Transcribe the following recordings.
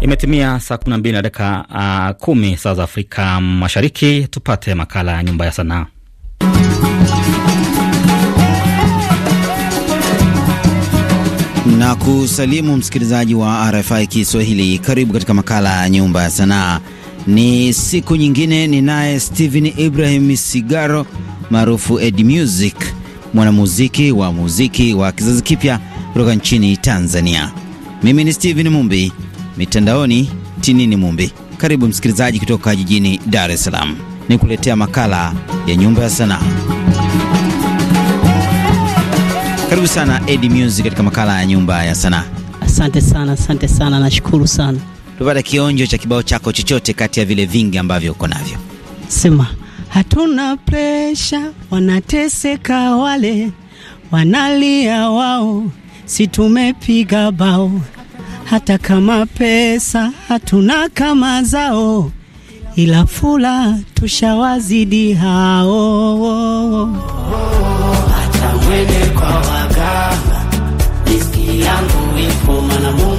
Imetimia saa 12 na dakika uh, kumi saa za Afrika Mashariki. Tupate makala ya Nyumba ya Sanaa. na kusalimu msikilizaji wa RFI Kiswahili. Karibu katika makala ya Nyumba ya Sanaa. Ni siku nyingine, ninaye Steven Ibrahim Sigaro maarufu Ed Music, mwanamuziki wa muziki wa kizazi kipya kutoka nchini Tanzania. Mimi ni Steven Mumbi mitandaoni Tinini Mumbi. Karibu msikilizaji kutoka jijini Dar es Salaam, ni kuletea makala ya nyumba ya sanaa. Karibu sana ed Music katika makala ya nyumba ya sanaa. Asante sana, asante sana, nashukuru sana. Tupata kionjo cha kibao chako chochote kati ya vile vingi ambavyo uko navyo. Sema hatuna presha, wanateseka wale wanalia wao, si tumepiga bao hata kama pesa hatuna kama zao, ila fula tushawazidi hao. Hata mwende kwa waganga, riski yangu ipo Manamu.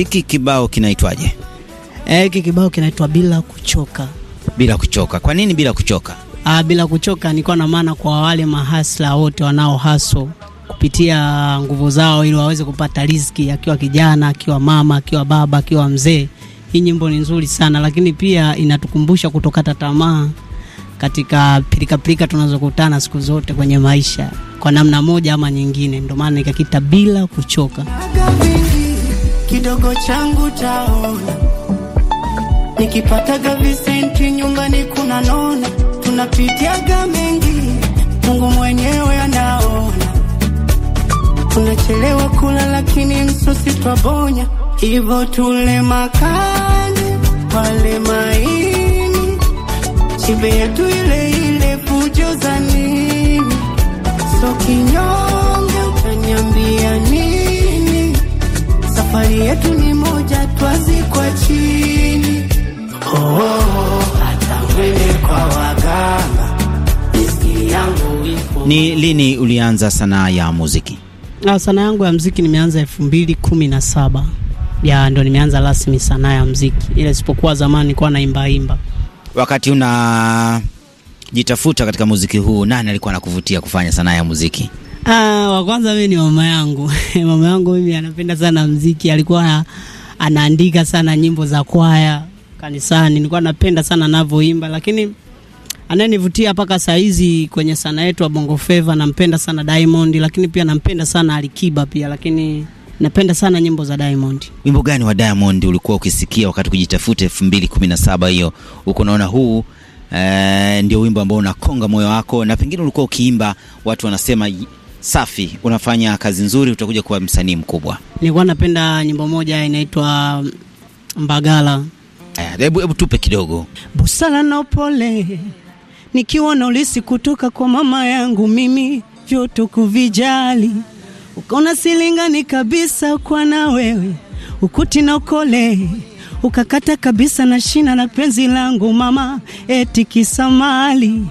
Hiki kibao kinaitwaje? Eh, hiki kibao kinaitwa bila kuchoka. Bila kuchoka. Kwa nini bila kuchoka? Ah, bila kuchoka ni kwa na maana kwa wale mahasla wote wanao haso kupitia nguvu zao ili waweze kupata riziki, akiwa kijana, akiwa mama, akiwa baba, akiwa mzee. Hii nyimbo ni nzuri sana, lakini pia inatukumbusha kutokata tamaa katika pilikapilika tunazokutana siku zote kwenye maisha, kwa namna moja ama nyingine. Ndio maana nikakita bila kuchoka kidogo changu taona, nikipataga visenti nyumbani kuna nona, tunapitiaga mengi, Mungu mwenyewe anaona, tunachelewa kula lakini msosi twabonya, hivyo tule makani wale maini, shibe yetu ile ile, fujo za nini? So kinyonge utaniambia nini? yetu ni moja, kwa chini. Oh, oh, hata mwende kwa waganga. Miski yangu ipo. Ni lini ulianza sanaa ya muziki? Na ah, sanaa yangu ya muziki nimeanza elfu mbili kumi na saba ya ndo nimeanza rasmi sanaa ya muziki, ila isipokuwa zamani nilikuwa imba. Wakati unajitafuta katika muziki huu, nani alikuwa anakuvutia kufanya sanaa ya muziki? Ah, wa kwanza mimi ni mama yangu. mama yangu mimi anapenda sana mziki, alikuwa anaandika sana nyimbo za kwaya kanisani. Nilikuwa napenda sana anavyoimba, lakini ananivutia mpaka saa hizi kwenye sana yetu wa Bongo Flava, nampenda sana Diamond, lakini pia nampenda sana Alikiba pia, lakini napenda sana nyimbo za Diamond. Wimbo gani wa Diamond ulikuwa ukisikia wakati kujitafuta 2017 hiyo? Uko naona huu ee, ndio wimbo ambao unakonga moyo wako na pengine ulikuwa ukiimba watu wanasema safi, unafanya kazi nzuri, utakuja kuwa msanii mkubwa. Nilikuwa napenda nyimbo moja inaitwa Mbagala. Hebu hebu tupe kidogo. busala na upole nikiona ulisi kutoka kwa mama yangu, mimi vyote kuvijali, ukaona silingani kabisa kwa na wewe, ukuti na ukole ukakata kabisa na shina na penzi langu mama, eti kisamali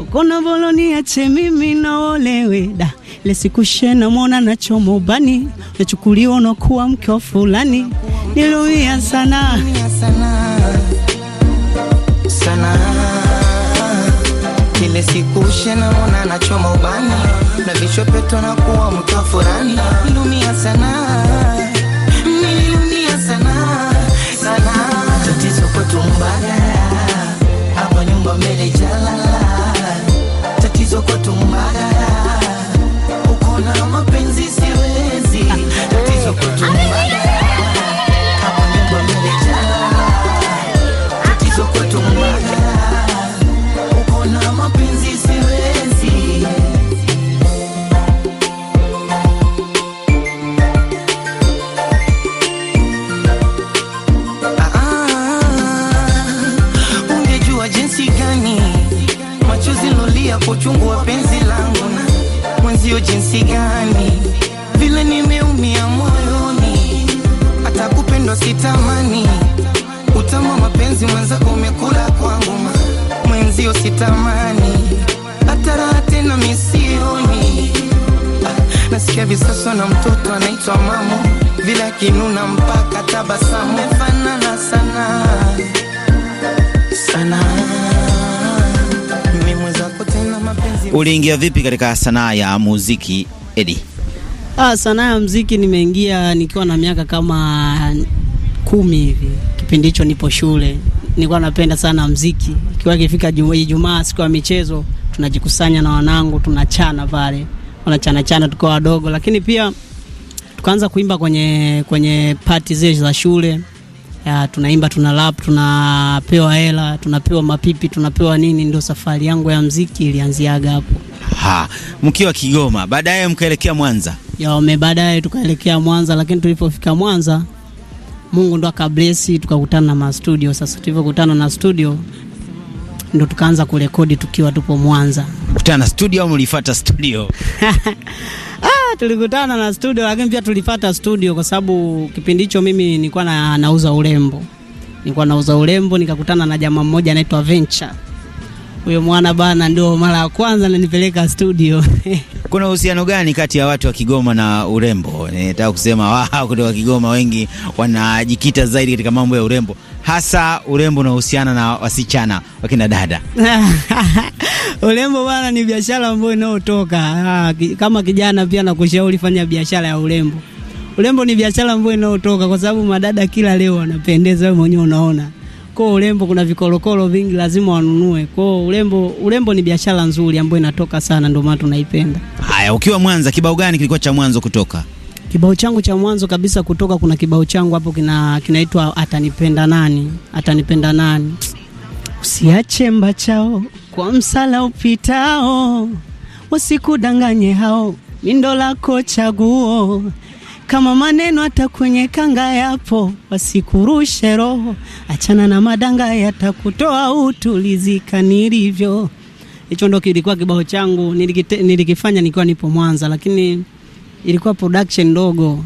ukona voloni ache mimi naolewe da lesikushena mwona nachoma ubani nachukuliwa unakuwa mke wa fulani niluia sana sana ile siku ushena mwona nachoma ubani na vichwepeto na kuwa wa fulani nilumia sana nilumia sana sana tatizo kwetu mbaya hapa nyumba mbele sitamani hata na tena misioni. Nasikia visasa na mtoto anaitwa mamo, vile akinuna mpaka tabasamu, mefanana sana sana Uliingia vipi katika sanaa ya muziki Edi? Ah, sanaa ya muziki nimeingia nikiwa na miaka kama kumi hivi. Kipindi hicho nipo shule, nilikuwa napenda sana mziki. Ikiwa ikifika Ijumaa, siku ya michezo, tunajikusanya na wanangu, tunachana pale, wanachana chana tukiwa wadogo, lakini pia tukaanza kuimba kwenye kwenye pati zile za shule ya, tunaimba tuna rap, tunapewa hela, tunapewa mapipi, tunapewa nini. Ndio safari yangu ya mziki ilianziaga hapo. Ha, mkiwa Kigoma, baadaye mkaelekea Mwanza? Ya, baadaye tukaelekea Mwanza, lakini tulipofika Mwanza Mungu ndo akablesi, tukakutana na mastudio. Sasa tulivyokutana na studio ndo tukaanza kurekodi tukiwa tupo Mwanza. Kutana na studio au mlifuata studio? Ah, tulikutana na studio lakini pia tulifuata studio kwa sababu kipindi hicho mimi nilikuwa na, nauza urembo. Nilikuwa nauza urembo nikakutana na jamaa mmoja anaitwa Venture huyo mwana bana, ndio mara ya kwanza nanipeleka studio. Kuna uhusiano gani kati ya watu wa Kigoma na urembo? Nataka kusema wao kutoka Kigoma wengi wanajikita zaidi katika mambo ya urembo, hasa urembo unaohusiana na wasichana wakina dada. Urembo bana ni biashara ambayo inayotoka ah, kama kijana, pia nakushauri fanya biashara ya urembo. Urembo ni biashara ambayo inayotoka, kwa sababu madada kila leo wanapendeza, wewe mwenyewe unaona kwao urembo kuna vikorokoro vingi, lazima wanunue kwao. Urembo, urembo ni biashara nzuri ambayo inatoka sana, ndio maana tunaipenda. Haya, ukiwa Mwanza, kibao gani kilikuwa cha mwanzo kutoka? Kibao changu cha mwanzo kabisa kutoka, kuna kibao changu hapo kina kinaitwa atanipenda nani, atanipenda nani. Usiache mbachao chao kwa msala upitao, usikudanganye hao, mindo lako chaguo kama maneno hata kwenye kanga yapo, wasikurushe roho, achana na madanga yatakutoa utulizika nilivyo. Hicho ndo kilikuwa kibao changu nilikifanya nikiwa nipo Mwanza, lakini ilikuwa production ndogo.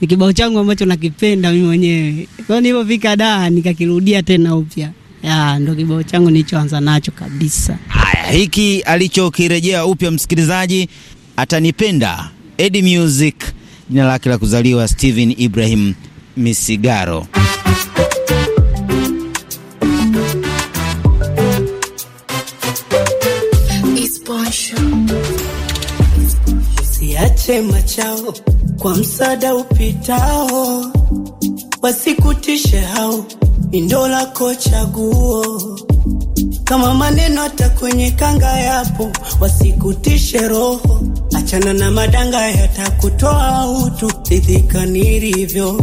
Ni kibao changu ambacho nakipenda mimi mwenyewe, kwa hiyo nilipofika da nikakirudia tena upya. Ya, ndo kibao changu nilichoanza nacho kabisa. Haya, hiki alichokirejea upya msikilizaji, atanipenda Eddie Music jina lake la kuzaliwa Steven Ibrahim Misigaro. Siache machao kwa msada upitao, wasikutishe hao, ni lako chaguo kama maneno hata kwenye kanga yapo, wasikutishe roho, achana na madanga yatakutoa utu, ridhika nilivyo.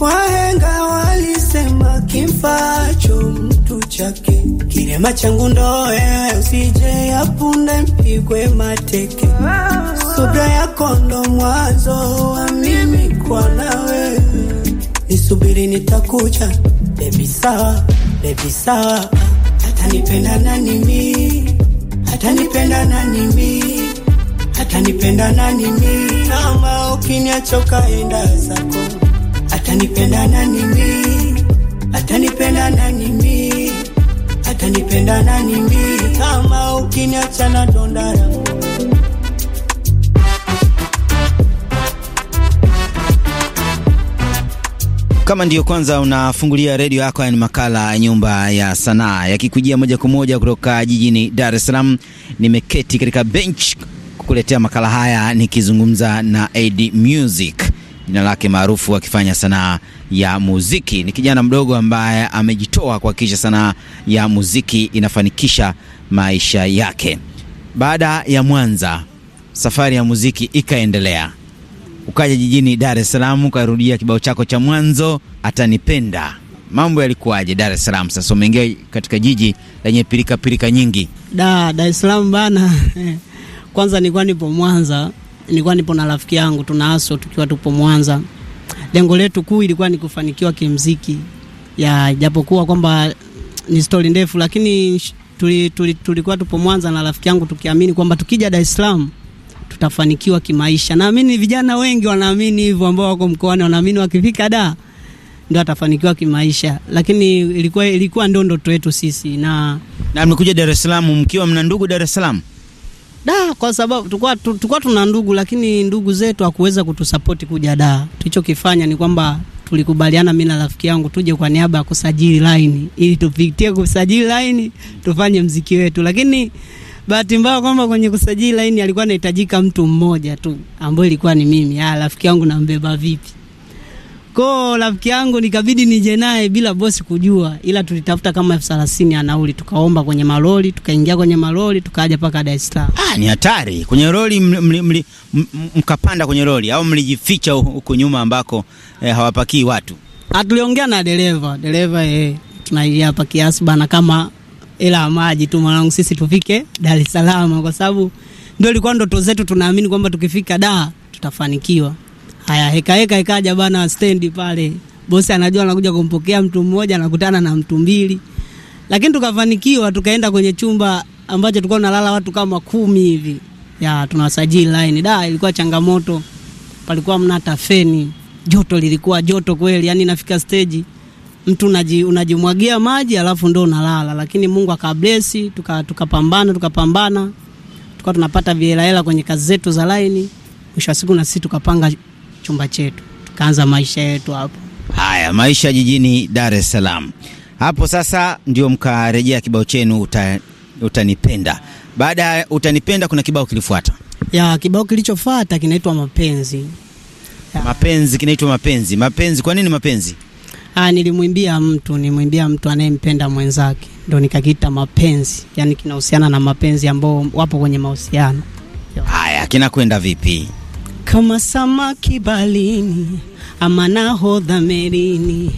Wahenga walisema kimfacho mtu chake, kirema changu ndo wewe, usije yapunde mpigwe mateke. Subra yako ndo mwanzo wa mimi kwa nawe, nisubiri nitakuja, bebi sawa, bebi sawa hatanipenda nani mi hatanipenda nani mi hatanipenda nani mi kama ukiniachoka enda zako hatanipenda nani mi hatanipenda nani mi hatanipenda nani mi kama ukiniachana donda langu Kama ndiyo kwanza unafungulia redio yako, ya ni makala ya Nyumba ya Sanaa yakikujia moja kwa moja kutoka jijini Dar es Salaam. Nimeketi katika bench kukuletea makala haya nikizungumza na Ed Music, jina lake maarufu, akifanya sanaa ya muziki. Ni kijana mdogo ambaye amejitoa kuhakikisha sanaa ya muziki inafanikisha maisha yake. Baada ya Mwanza, safari ya muziki ikaendelea ukaja jijini Dar es Salaam ukarudia kibao chako cha mwanzo atanipenda. Mambo yalikuwaje Dar es Salaam? Sasa umeingia katika jiji lenye pilika pilika nyingi. Da, Dar es Salaam bana. Kwanza nilikuwa nipo Mwanza, nilikuwa nipo na rafiki yangu tunaaso, tukiwa tupo Mwanza. Lengo letu kuu ilikuwa ni kufanikiwa kimziki, ya japokuwa kwamba ni stori ndefu, lakini tulikuwa tuli, tuli tupo Mwanza na rafiki yangu tukiamini kwamba tukija Dar es Salaam tutafanikiwa kimaisha. Naamini vijana wengi wanaamini hivyo, ambao wako mkoani wanaamini wakifika da ndo atafanikiwa kimaisha, lakini ilikuwa, ilikuwa ndo ndoto yetu sisi. Na na mmekuja Dar es Salaam mkiwa mna ndugu Dar es Salaam? Da, kwa sababu tulikuwa tulikuwa tuna ndugu, lakini ndugu zetu hakuweza kutusapoti kuja da. Tulichokifanya ni kwamba tulikubaliana mimi na rafiki yangu tuje kwa niaba ya kusajili line ili tupitie kusajili line tufanye mziki wetu, lakini Bahati mbaya kwamba kwenye kusajili laini alikuwa anahitajika mtu mmoja tu ambaye ilikuwa ni mimi. Ah, rafiki yangu nambeba vipi? Ko rafiki yangu nikabidi nije naye bila bosi kujua, ila tulitafuta kama elfu thelathini ya nauli, tukaomba kwenye malori, tukaingia kwenye malori, tukaja paka Dar es Salaam. Ah, ni hatari kwenye roli Mkapanda kwenye roli au mlijificha huko nyuma ambako eh, hawapakii watu? Ah, tuliongea na dereva dereva, eh tunaiapa kiasi bana, kama ila maji tu mwanangu, sisi tufike Dar es Salaam, kwa sababu ndio ilikuwa ndoto zetu. Tunaamini kwamba tukifika da tutafanikiwa. Haya, heka heka ikaja bana, stendi pale, bosi anajua anakuja kumpokea mtu mmoja, anakutana na mtu mbili, lakini tukafanikiwa, tukaenda kwenye chumba ambacho tulikuwa tunalala watu kama kumi hivi, ya tunawasajili line. Da, ilikuwa changamoto, palikuwa mna hata joto lilikuwa joto kweli, yani nafika stage mtu unaji, unajimwagia maji alafu ndo unalala, lakini Mungu akablesi, tukapambana tuka tukapambana tukawa tunapata vihelahela kwenye kazi zetu za laini. Mwisho wa siku na sisi tukapanga chumba chetu tukaanza maisha yetu hapo. Haya maisha jijini Dar es Salaam hapo sasa ndio mkarejea kibao chenu uta, utanipenda. Baada ya utanipenda kuna kibao kilifuata ya kibao kilichofuata kinaitwa mapenzi ya. Mapenzi kinaitwa mapenzi. Mapenzi, kwa nini mapenzi? Ah, nilimwimbia mtu, nilimwimbia mtu anayempenda mwenzake, ndo nikakita mapenzi, yani kinahusiana na mapenzi ambao wapo kwenye mahusiano. Haya, kinakwenda vipi? Kama samaki balini ama nahodha merini,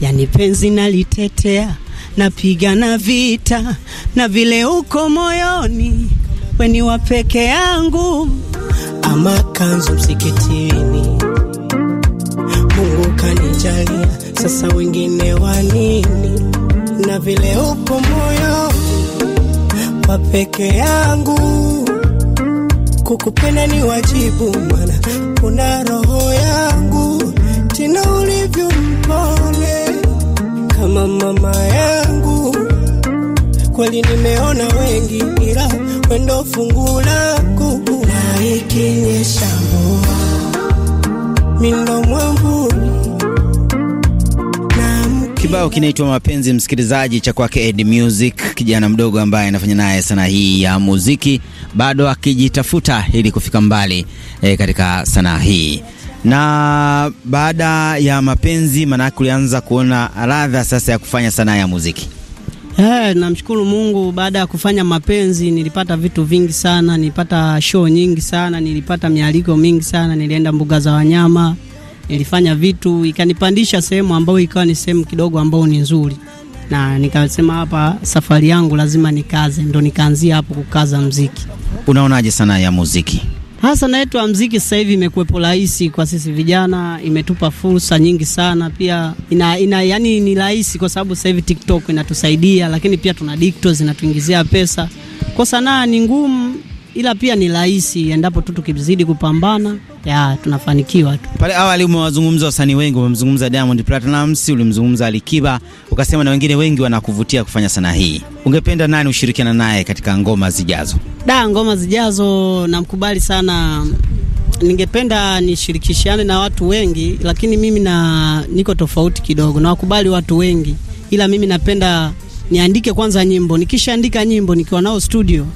yani penzi nalitetea, napigana vita na vile uko moyoni, weni wa peke yangu ama kanzu msikitini wanijalia, sasa wengine wanini? Na vile upo moyo wa peke yangu, kukupenda ni wajibu, mana kuna roho yangu, tena ulivyo mpole kama mama yangu. Kweli nimeona wengi, ila wendo fungu langu, na ikinyesha mvua mindo mwamvua kibao kinaitwa Mapenzi msikilizaji, cha kwake Ed Music, kijana mdogo ambaye anafanya naye sanaa hii ya muziki, bado akijitafuta ili kufika mbali e, katika sanaa hii. Na baada ya Mapenzi, maanake ulianza kuona radha sasa ya kufanya sanaa ya muziki. Hey, eh, namshukuru Mungu. Baada ya kufanya Mapenzi nilipata vitu vingi sana, nilipata show nyingi sana, nilipata mialiko mingi sana, nilienda mbuga za wanyama nilifanya vitu ikanipandisha sehemu ambayo ikawa ni sehemu kidogo ambayo ni nzuri, na nikasema hapa safari yangu lazima nikaze, ndo nikaanzia hapo kukaza mziki. Unaonaje sana ya muziki hasa na yetu ya mziki sasa hivi imekuwepo rahisi kwa sisi vijana, imetupa fursa nyingi sana pia ina, ina, yani ni rahisi kwa sababu sasa hivi TikTok inatusaidia, lakini pia tuna dikto zinatuingizia pesa. Kwa sanaa ni ngumu ila pia ni rahisi endapo tu tukizidi kupambana ya tunafanikiwa tu. Pale awali umewazungumza wasanii wengi, umemzungumza Diamond Platnumz, ulimzungumza Alikiba, ukasema na wengine wengi wanakuvutia kufanya sanaa hii. Ungependa nani ushirikiana naye katika ngoma zijazo? Da, ngoma zijazo namkubali sana ningependa nishirikishane na watu wengi, lakini mimi na niko tofauti kidogo, nawakubali watu wengi, ila mimi napenda niandike kwanza nyimbo. Nikishaandika nyimbo nikiwa nao studio,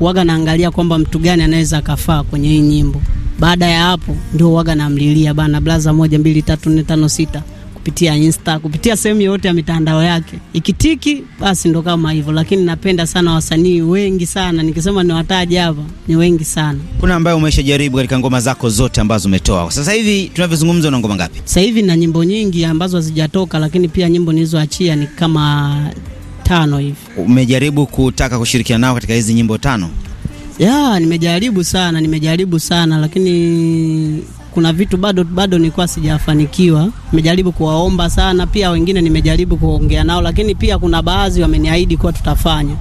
waga naangalia kwamba mtu gani anaweza akafaa kwenye hii nyimbo. Baada ya hapo ndio waga namlilia bana blaza moja mbili tatu nne tano sita kupitia Insta, kupitia sehemu yoyote ya mitandao yake. Ikitiki basi ndo kama hivyo, lakini napenda sana wasanii wengi sana, nikisema niwataja hapa ni wengi sana. Kuna ambayo jaribu katika ngoma zako zote ambazo umetoa sasa hivi? Tunavyozungumza una ngoma ngapi sasa hivi? Na nyimbo nyingi ambazo hazijatoka, lakini pia nyimbo nilizoachia ni kama tano hivi. Umejaribu kutaka kushirikiana nao katika hizi nyimbo tano? Ya, nimejaribu sana, nimejaribu sana lakini kuna vitu bado bado nilikuwa sijafanikiwa. Nimejaribu kuwaomba sana, pia wengine nimejaribu kuongea nao, lakini pia kuna baadhi wameniahidi kuwa tutafanya.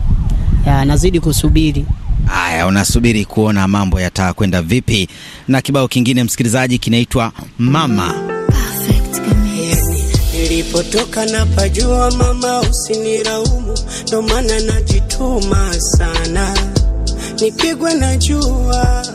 Ya, nazidi kusubiri. Haya, unasubiri kuona mambo yatakwenda vipi. Na kibao kingine msikilizaji, kinaitwa Mama. Nilipotoka na pajua, mama, usiniraumu, ndo maana najituma sana, nipigwe na jua,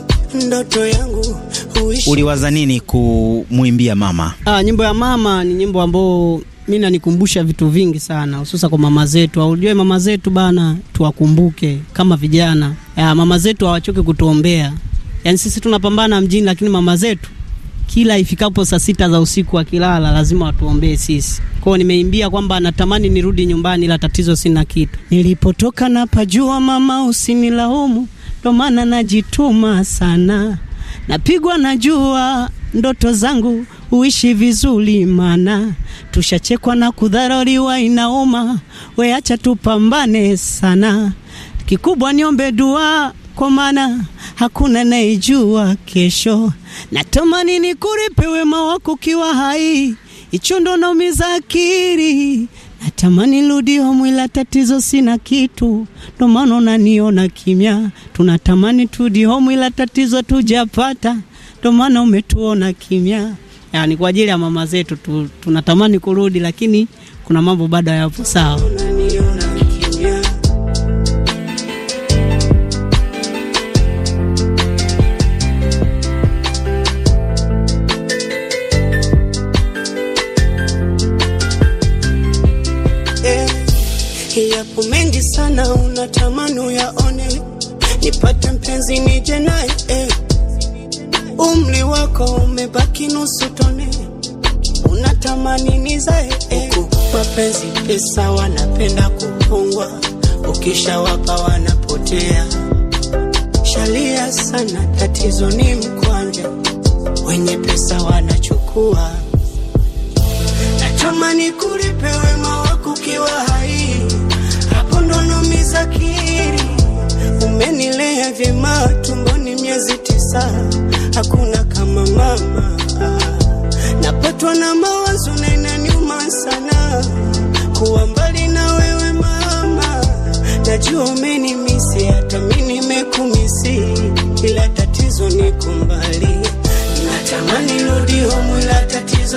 ndoto yangu huishi. Uliwaza nini kumwimbia mama? Ah, nyimbo ya mama ni nyimbo ambayo mi nanikumbusha vitu vingi sana, hususa kwa mama zetu. Aujue mama zetu bana, tuwakumbuke kama vijana. Ya, ah, mama zetu hawachoki kutuombea, yani sisi tunapambana mjini, lakini mama zetu kila ifikapo saa sita za usiku akilala lazima watuombee sisi. Kwao nimeimbia kwamba natamani nirudi nyumbani, ila tatizo sina kitu. Nilipotoka napajua, mama usinilaumu, ndo maana najituma sana, napigwa na jua ndoto zangu uishi vizuri, maana tushachekwa na kudharoriwa, inauma. Weacha tupambane sana, kikubwa niombe dua kwa maana hakuna naijua kesho. Natamani ni wema wako ukiwa hai, hicho ndo naumiza akili. Natamani rudi home, ila tatizo sina kitu, ndo maana unaniona kimya. Tunatamani turudi home, ila tatizo tujapata, ndo maana umetuona kimya. Yani kwa ajili ya mama zetu tu, tunatamani kurudi, lakini kuna mambo bado hayapo sawa. natamani uyaone, nipate mpenzi nije naye eh. Umri wako umebaki nusu tone, unatamani nizae eh. Huku pesa wanapenda kupungwa, ukishawapa wanapotea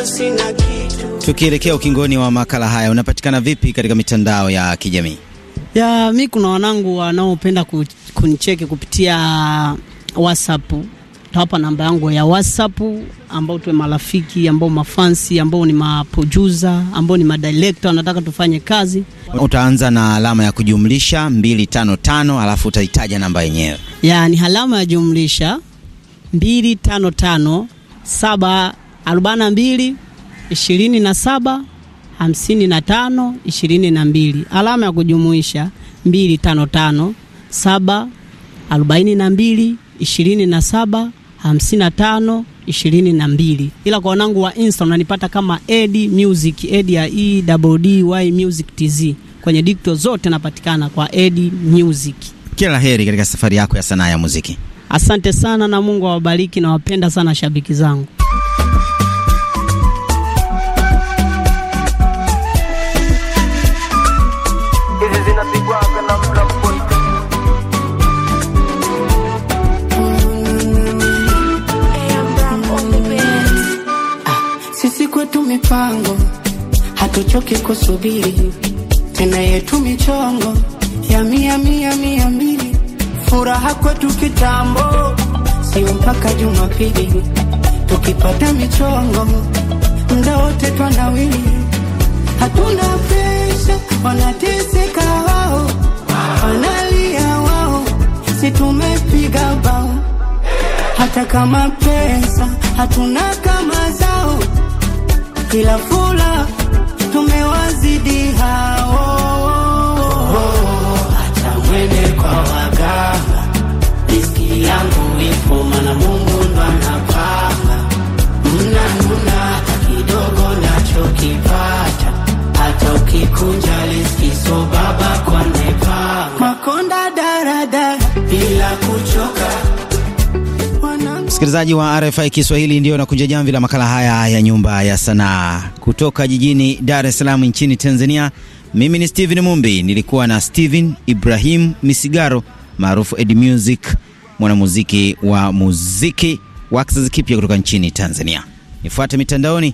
sina kitu. Tukielekea ukingoni wa makala haya, unapatikana vipi katika mitandao ya kijamii? Ya mi kuna wanangu wanaopenda kunicheki kupitia WhatsApp. Tawapa namba yangu ya WhatsApp ambao tuwe marafiki, ambao mafansi, ambao ni maproducer, ambao ni madirector, wanataka tufanye kazi. Utaanza na alama ya kujumlisha 255 alafu utaitaja namba yenyewe. Ya ni alama ya jumlisha 255 saba 42 alama ya kujumuisha 255 Ila kwa wanangu wa Insta unanipata kama ed Music, ed ya E D Y Music TZ. Kwenye dikto zote napatikana kwa ed Music. Kila heri katika safari yako ya sanaa ya muziki. Asante sana na Mungu awabariki na wapenda sana shabiki zangu mipango hatuchoki kusubiri tena yetu michongo ya mia mia mia mbili furaha kwetu kitambo sio mpaka Jumapili tukipata michongo mda wote twanawili, hatuna presha, wanateseka wao, wanalia wao, si tumepiga bao. Hata kama pesa hatuna kama zao, kila fula tumewazidi hao, hata mwene kwa Msikilizaji wa RFI Kiswahili, ndio nakunja jamvi la makala haya ya Nyumba ya Sanaa kutoka jijini Dar es Salaam nchini Tanzania. Mimi ni Steven Mumbi, nilikuwa na Steven Ibrahim Misigaro maarufu Ed Music, mwanamuziki wa muziki wa kizazi kipya kutoka nchini Tanzania. Nifuate mitandaoni